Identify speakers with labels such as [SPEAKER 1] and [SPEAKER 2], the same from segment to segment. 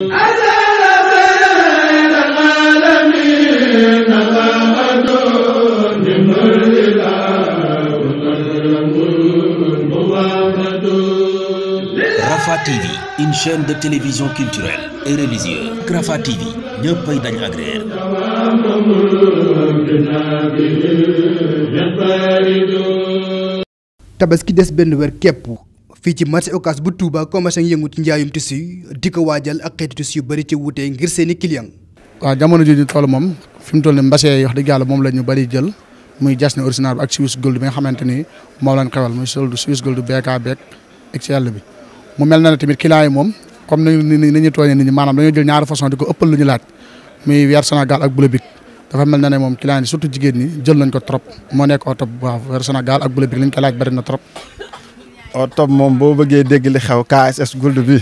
[SPEAKER 1] Rafah
[SPEAKER 2] TV une chaîne de télévision culturelle et religieuse Rafah TV ñëppay dañ agréer tabaski des benn weer képp fii ci marché Ocass bu Touba commerçant yëngu ci njaayum tissu di ko waajal ak xeeti tissu yu bëri ci wute ngir seen i client
[SPEAKER 3] waaw jamono ji ñu toll moom fi mu toll ne mbase yi wax dëgg moom la ñu bëri jël muy jas ne original bi ak Swiss Gold bi nga xamante ni moom lañ xewal mu mel na ne tamit client yi moom comme ni maanaam dañoo jël ñaari façon di ko ëppal lu ñu laaj muy weer Sénégal ak bulebik dafa mel na ne moom client yi surtout jigéen ñi jël nañ ko trop moo nekk au top waaw weer Sénégal ak bulebik li ñu ko na trop
[SPEAKER 1] au oh, top moom boo bëggee dégg li xew KSS Gould bi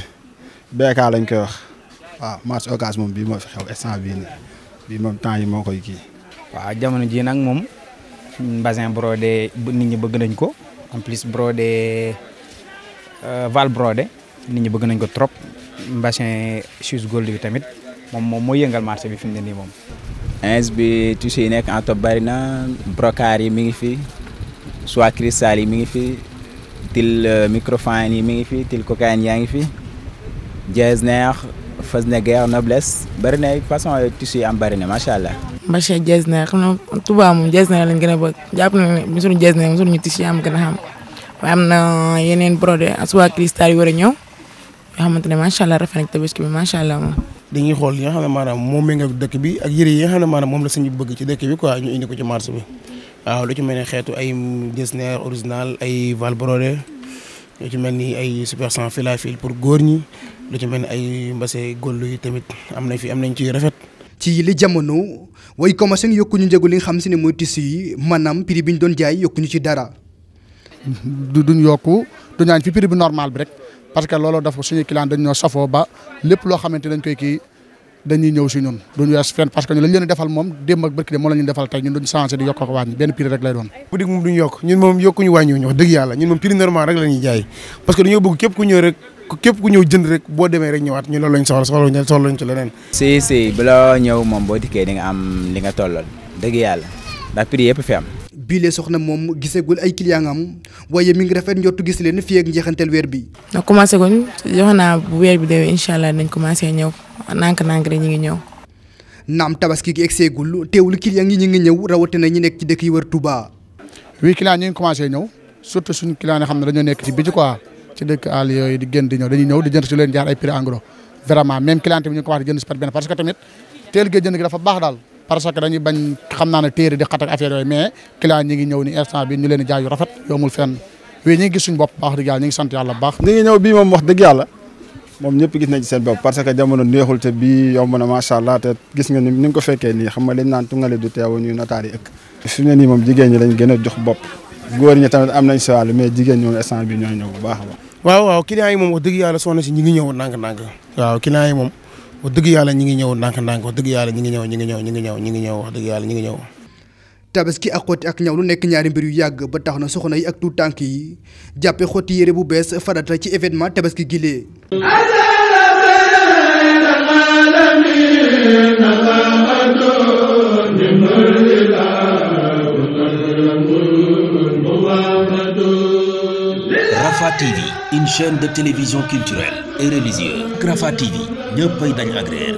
[SPEAKER 1] BK lañ koy wax waaw marché Ocass moom bii moo fi xew instant bii nii bii moom temps yi moo koy kii. waaw
[SPEAKER 2] jamono ji nag moom basin brodé nit ñi bëgg nañ ko en plus brodé euh, val brode nit ñi bëgg nañ ko trop basin shoes gold bi tamit moom moom moo yëngal marché bi fi mu ne nii moom.
[SPEAKER 1] ins bi yi nekk en top bari na brocart yi mi ngi fi soit cristal yi mi fi. til euh, microphone yi mi ngi fi til cocaïne yaa ngi fi Getzner Fesneguer Noblesse bëri na façon tissu yi am bëri na macha allah. Mbacha Getzner xam na Touba moom Getzner lañ gën a bëgg jàpp na ne suñu Getzner suñu tissu yi am gën a xam waaye am na yeneen brodé asuwa cristal yu war a ñëw yoo xamante ne macha allah rafet nañ tabaski bi macha allah moom. dañuy xool li nga xam bi ak yëre yi nga xam moom la sañu bëgg ci dëkk bi quoi indi ko ci marché bi. waaw lu ci mel ne xeetu ay Getzner original ay Valbrode lu ci mel ni ay super sans fil fil pour góor ñi lu ci mel ni ay mbase
[SPEAKER 2] góll yi tamit am na fi am nañ ciy rafet. ci li jamono way commencé ñu yokkuñu njëgu
[SPEAKER 3] li nga xam si ne mooy tissu yi maanaam prix bi ñu doon jaay ñu ci dara. du duñ yokku du ñaan fi prix bi normal bi rek parce que loolu dafa suñu client dañ ñoo safoo ba lépp loo xamante dañ koy kii. dañuy ñëw si ñun duñu wees fenn parce que ñu lañ leen defal moom démb ak barki de moom la ñu defal tey ñun duñ changé di yokk ak wàññi benn prix rek lay doon
[SPEAKER 1] boutique moom duñu yokk ñun moom yokkuñu wàññiwuñu wax dëgg yàlla ñun moom prix normal rek la ñuy jaay parce que dañoo bëgg képp ku ñëw rek képp ku ñëw jënd rek boo demee rek ñëwaat ñu loolu lañ soxla
[SPEAKER 2] soxla soxla ñu ci leneen
[SPEAKER 1] si si bala ñëw moom boo dikkee di nga am li nga tollal dëgg
[SPEAKER 2] yàlla ndax prix yëpp fi am biile soxna moom gisagul ay client am waaye mi ngi rafet njottu gis leen fii ak njeexantel weer bi.
[SPEAKER 1] na commencé kon jox naa bu weer bi deewee incha allah nañ commencé
[SPEAKER 2] ñëw nànk-nànk rek ñu ngi naam tabaski gi egseegul teewul client yi ñu
[SPEAKER 3] ñëw rawatina ñi nekk ci dëkk yi wër Touba. oui client ñu ngi ñëw ni instant bi ñu leen di rafet yoomul fenn oui ñu ngi gis bopp baax dëgg ñu ngi sant yàlla baax.
[SPEAKER 1] ñi ngi ñëw bii moom wax dëgg moom ñëpp gis nañ ci seen bopp parce que jamono neexul te bii yomb na macha allah te gis nga ni ni ko fekkee nii xam nga liñ naan tungale du teew ñuy notaar yi ëkk. nii moom jigéen ñi lañ gën a jox bopp góor ñi tamit am nañ si wàll mais jigéen ñi moom instant bi ñoo ñëw bu baax a baax. waaw waaw client yi moom wax dëgg yàlla soxna si ñi ngi ñëw ndànk-ndànk waaw client yi moom wax dëgg yàlla ñi ngi ñëw ndànk-ndànk wax dëgg yàlla ngi ñëw ñi ngi ñëw ñi ngi ñëw ñi ngi yàlla ñi ngi ñëw
[SPEAKER 2] tabaski ak xotti ak ñaw lu nekk ñaari mbir yu yàgg ba tax na soxna yi ak tuut tànk yi jàppee xotti yére bu bees farata ci événement tabaski gilee Rafah TV, une chaîne de télévision culturelle et religieuse. ñëppay dañ ak réer